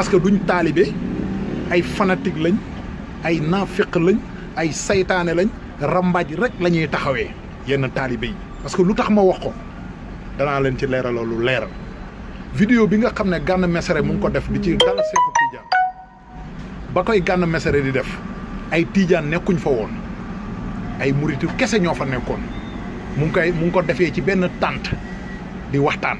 parce que duñ taalibe ay fanatique lañ ay naafiq lañ ay saytaane lañ rambaaj rek la ñuy taxawee yenn taalibe yi parce que lu tax ma wax ko danaa leen ci leeral lu leeral vidéo bi nga xam ne gànn Messere mu ngi ko def di ci dal Seexu Tijaan ba koy gànn Messere di def ay Tijaan nekkuñ fa woon ay muritu kese ñoo fa nekkoon mu ngi koy mu ngi ko defee ci benn tànt di waxtaan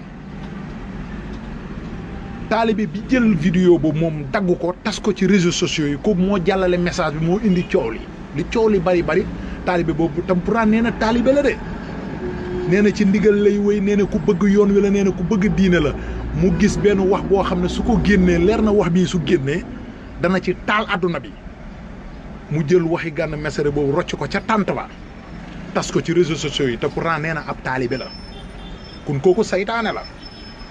taalibe bi jël vidéo boobu moom dagg ko tas ko ci réseau sociaux yi ko moo jàllale message bi moo indi coow li li coow li bari bari taalibe boobu tam pourtant nee na taalibe la de nee na ci ndigal lay wéy nee na ku bëgg yoon wi la nee na ku bëgg diine la mu gis benn wax boo xam ne su ko génnee leer na wax bii su génnee dana ci taal àdduna bi mu jël waxi gànn message boobu rocc ko ca tànt ba tas ko ci réseau sociaux yi te pourtant nee na ab taalibe la kun kooku saytaane la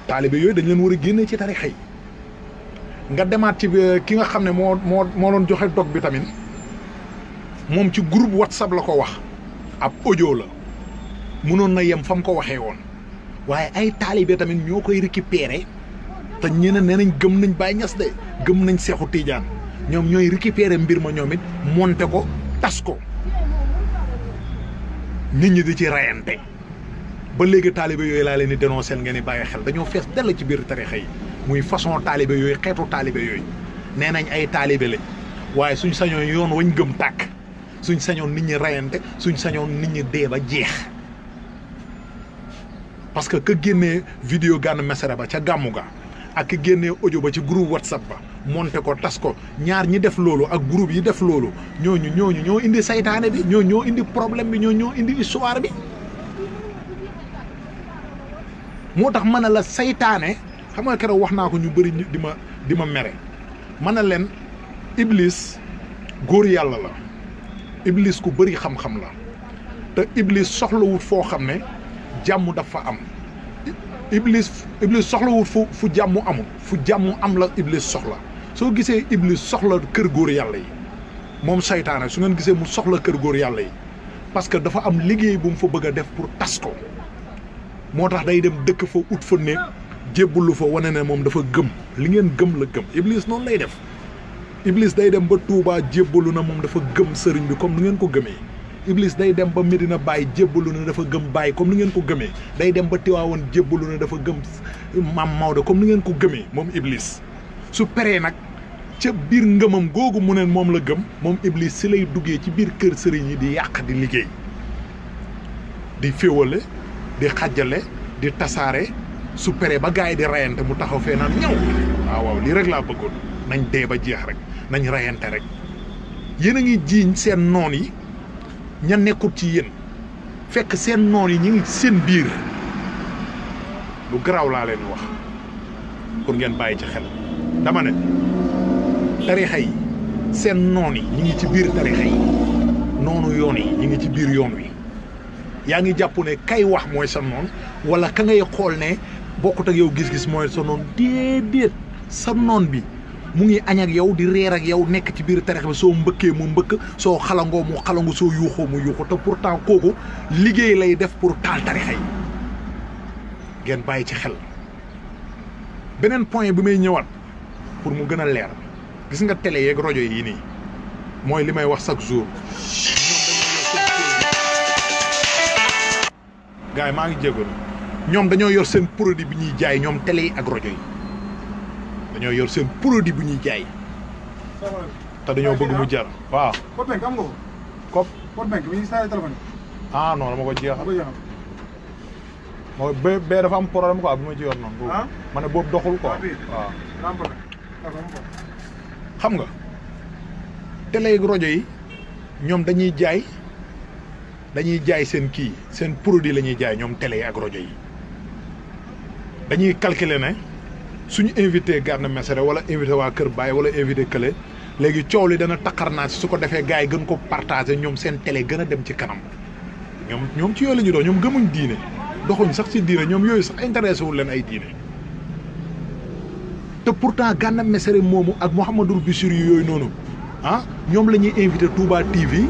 taalibe yooyu dañ leen war a génne ci tarixa yi nga demaat ci euh, ki nga xam ne moo moo moo doon joxe dog bi tamit moom ci groupe whatsapp la ko wax ab audio la mënoon na yem fa mu ko waxee woon waaye ay taalibe tamit ñoo koy récupérer te ñeneen nee nañ gëm nañ Baay Ñas de gëm nañ Seexu Tiijaan ñoom ñooy récupérer mbir ma ñoom it ko tas ko nit ñi di ci reyante ba léegi taalibe yooyu laa leen di dénoncé ngeen di bàyyi xel dañoo fees dell ci biir tarixa yi muy façon taalibe yooyu xeetu taalibe yooyu nee nañ ay taalibe lañ waaye suñ sañoon yoon wañ gëm tàkk suñ sañoon nit ñi rayante suñ sañoon nit ñi dee ba jeex parce que ka génnee vidéo Gana Messere ba ca gàmmu ga ak ki génnee audio ba ci groupe whatsapp ba monté ko tas ko ñaar ñi def loolu ak groupe yi def loolu ñooñu ñooñu ñoo indi saytaane bi ñoo ñoo indi problème bi ñoo ñoo indi histoire bi moo tax mën a la seytaane xam nga keroog wax naa ko ñu bëri di ma di ma mere mën a leen iblis góor yàlla la iblis ku bëri xam-xam la te iblis soxlawut foo xam ne jàmm dafa am iblis iblis soxlawut fu fu jàmm amul fu jàmm am la iblis soxla soo gisee iblis soxla kër góor yàlla yi moom saytaane su ngeen gisee mu soxla kër góor yàlla yi parce que dafa am liggéey bu mu fa bëgg a def pour tas ko moo tax day dem dëkk fa ut fa néeg jébbalu fa wane ne moom dafa gëm li ngeen gëm la gëm Iblis noonu lay def Iblis day dem ba Touba jébbalu na moom dafa gëm sëriñ bi comme ni ngeen ko gëmee Iblis day dem ba Medina bàyyi jébbalu na dafa gëm bàyyi comme ni ngeen ko gëmee day dem ba Tiwaawoon jébbalu ne dafa gëm maam Maodo comme ni ngeen ko gëmee moom Iblis su peree nag ca biir ngëmam googu mu ne moom la gëm moom Iblis si lay duggee ci biir kër sëriñ yi di yàq di liggéey di féewale di xajale di tasaare su peree ba gars yi di rayante mu taxaw fee naan ñëw waaw waaw lii rek laa bëggoon nañ dee ba jeex rek nañ rayante rek yéen a ngi jiiñ seen noon yi ña nekkut ci yén fekk seen noon yi ñu ngi seen biir lu garaw laa leen wax pour ngeen bàyyi ci xel dama ne tarixa yi seen noon yi ñu ngi ci biir tarixa yi noonu yoon yi ñu ngi ci biir yoon wi yaa ngi jàpp ne kay wax mooy sa noon wala ka ngay xool ne bokkut ak yow gis-gis mooy sa noon déedéet sa noon bi mu ngi añ ak yow di reer ak yow nekk ci biir tarex bi soo mbëkkee mu mbëkk soo xalangoo mu xalangu soo yuuxoo mu yuuxoo te pourtant kooku liggéey lay def pour taal tarixa yi ngeen bàyyi ci xel beneen point bi may ñëwaat pour mu gën a leer gis nga télé yeeg rajo yi nii mooy li may wax chaque jours gars yi maa ngi jégalu ñoom dañoo yor seen produit bi ñuy jaay ñoom télé yi ak rajo yi dañoo yor seen produit bu ñuy jaay. te dañoo bëgg mu jar waaw. code bank am ko. ah non dama ko jeexal. mooy bee bee dafa am problème quoi bi ma ci yor noonu. ah boobu doxul quoi ah, waaw. xam nga télé ak rajo yi ñoom dañuy jaay. dañuy jaay seen kii seen produit la ñuy jaay ñoom télé yi ak rajo yi dañuy calculer ne suñu invité Gana Messere wala invité waa Kër Baye wala invité kële léegi coow li dana taqar si su ko defee gars yi gën ko partagé ñoom seen tele gën dem ci kanam ñoom ñoom ci yooyu la ñu doon ñoom gëmuñ diine doxuñ sax ci diine ñoom yooyu sax intéressé wul leen ay diine te pourtant Gana Messere moomu ak Mouhamadou Bichir yooyu noonu ah ñoom la ñuy invité Touba TV.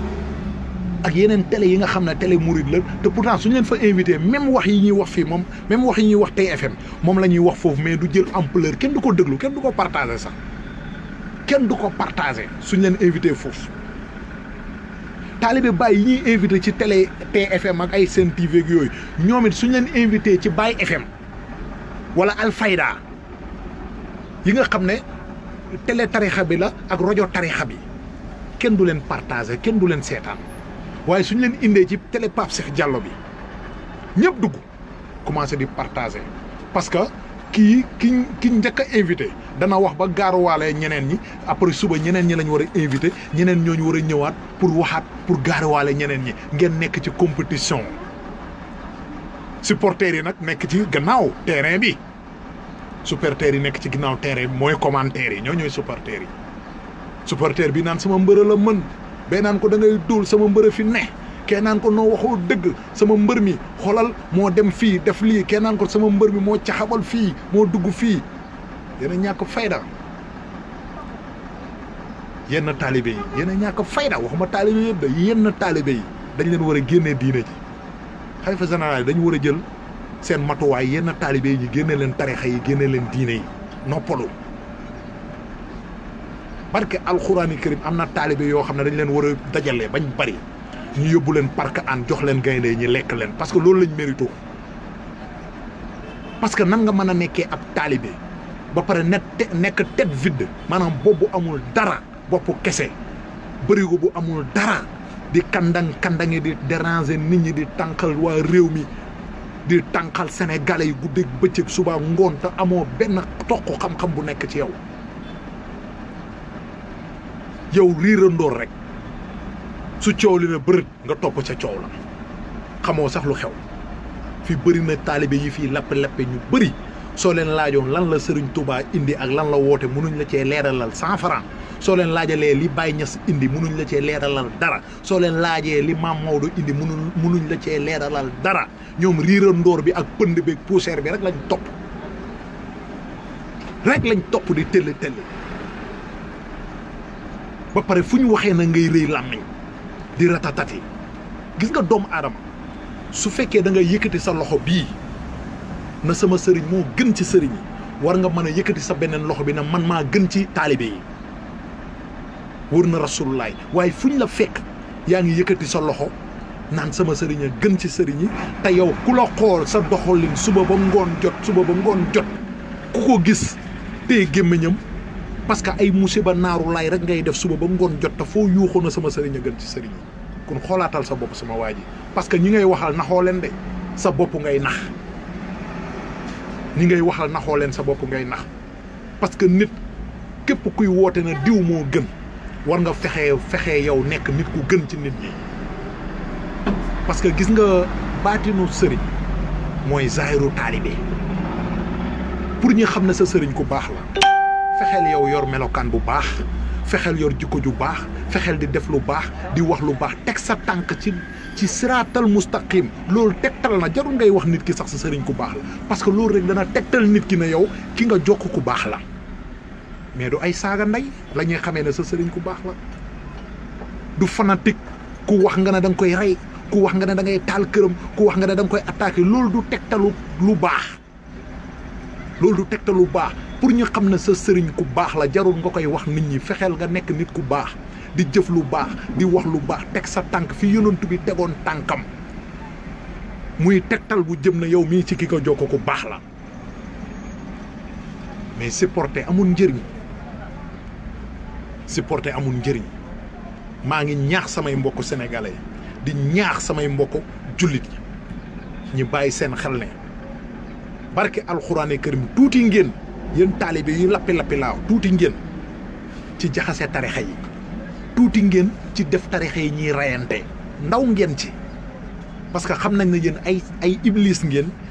ak yeneen télé yi nga xam ne télé Mouride la te pourtant suñu leen fa invité même wax yi ñuy wax fii moom même wax yi ñuy wax TFM moom la ñuy wax foofu mais du jël ampleur kenn du ko déglu kenn du ko partagé sax kenn du ko partagé suñu leen invité foofu. taalibe Baye yi ñuy invité ci télé TFM ak ay Sen TV yooyu ñoom it suñu leen invité ci Baye efem wala Alfayda yi nga xam ne télé tarixa bi la ak rajo tarixa yi kenn du leen partagé kenn du leen seetaan. waaye suñu leen indee ci télé Pape Cheikh Diallo bi ñëpp dugg commencé di partager parce que kii ki ki njëkk a invité dana wax ba gaaruwaalee ñeneen ñi après suba ñeneen ñi lañu war a invité ñeneen ñooñu war a ñëwaat pour waxaat pour gaaruwaale ñeneen ñi ngeen nekk ci compétition supporters yi nag nekk ci gannaaw terrain bi supporters yi nekk ci gannaaw terrain bi mooy commentaires yi ñoo ñooy supporters yi supporter bi naan sama mbër la mën benaan ko da ngay dóol sama mbër fi ne kee naan ko noo waxoo dëgg sama mbër mi xoolal moo dem fii def lii kee naan ko sama mbër mi moo caxabal fii moo dugg fii yéen ñàkk fayda yenn taalibe yi yéen a ñàkk fayda waxuma taalibe yëpp da yenn taalibe yi dañ leen war a génnee diine ji xalifa général dañu war a jël seen matuwaay yenn taalibe yi ñu génne leen tarixa yi génne leen diine yi noppalu barke alxuraani karim am na taalibe yoo xam ne dañu leen war a dajalee bañ bari ñu yóbbu leen parc an jox leen gaynde yi ñi lekk leen parce que loolu lañ mérito parce que nan nga mën a nekkee ab taalibe ba pare net nekk tête vide maanaam boobu amul dara bopp kese bërigo bu amul dara di kandang kandangi di déranger nit ñi di tànqal waa réew mi di tànqal sénégalais yi guddeeg bëccëg suba ngoon te amoo benn toq xam-xam bu nekk ci yow yow riirandoor rek su coow li ne bërët nga topp ca coow la xamoo sax lu xew fi bëri na taalibe yi fii lappe-lappe ñu bëri soo leen laajoon lan la Sëriñ Tuubaa indi ak lan la woote munuñ la cee leeralal cent soo leen laajalee li Baye Niass indi munuñ la cee leeralal dara soo leen laajee li Maam Maodo indi munuñ munuñ la ci leeralal dara ñoom riirandoor bi ak pënd beeg poussière bi rek lañ topp rek lañ topp di tëll tëll ba pare fu ñu waxee na ngay rëy làmmiñ di ratatati gis nga doomu aadama su fekkee da nga yëkkati sa loxo bii na sama sëriñ moo gën ci sëriñ yi war nga mën a yëkkati sa beneen loxo bi na man maa gën ci taalibe yi wër na rasulullaay waaye fu ñu la fekk yaa ngi yëkkati sa loxo naan sama sëriñ gën ci sëriñ yi te yow ku la xool sa doxalin suba ba ngoon jot suba ba ngoon jot ku ko gis te gémmiñam parce que ay musiba naaru lay rek ngay def suba ba ngoon jot te foo yuuxoon na sama sëriñ a gën ci sëriñ kon xoolaatal sa bopp sama waa ji parce que ñi ngay waxal naxoo leen de sa bopp ngay nax ñi ngay waxal naxoo leen sa bopp ngay nax parce que nit képp kuy woote na diw moo gën war nga fexe fexe yow nekk nit ku gën ci nit ñi parce que gis nga baatinu sëriñ mooy zaayiru taalibe pour ñu xam ne sa sëriñ ku baax la fexeel yow yor melokaan bu baax fexeel yor jikko ju baax fexeel di def lu baax di wax lu baax teg sa tànk ci ci siraatal mustaqim loolu teg tegtal na jarul ngay wax nit ki sax sa sëriñ ku baax la parce que loolu rek dana teg tegtal nit ki ne yow ki nga jokk ku baax la mais du ay saaga ndey lañuy xamee ne sa sëriñ ku baax la du fanatique ku wax nga ne da koy rey ku wax nga ne dangay taal këram ku wax nga ne da koy attaqué loolu du tegtalu lu baax loolu du tegtalu baax pour ñu xam ne sa sëriñ ku baax la jarul nga koy wax nit ñi fexeel nga nekk nit ku baax di jëf lu baax di wax lu baax teg sa tànk fi yonent bi tegoon tànkam muy tegtal bu jëm na yow mii ci ki ko jokko ku baax la mais supporter amul njëriñ supporter amul njëriñ maa ngi ñaax samay mbokk sénégalais di ñaax samay mbokk jullit ñi ñu bàyyi seen xel ne barke alxuraane karim tuuti ngeen. yéen taalibe yu lappi lappi laaw tuuti ngeen ci jaxase tarixa yi tuuti ngeen ci def tarixa yi ñuy rayante ndaw ngeen ci parce que xam nañ na yéen ay ay iblis ngeen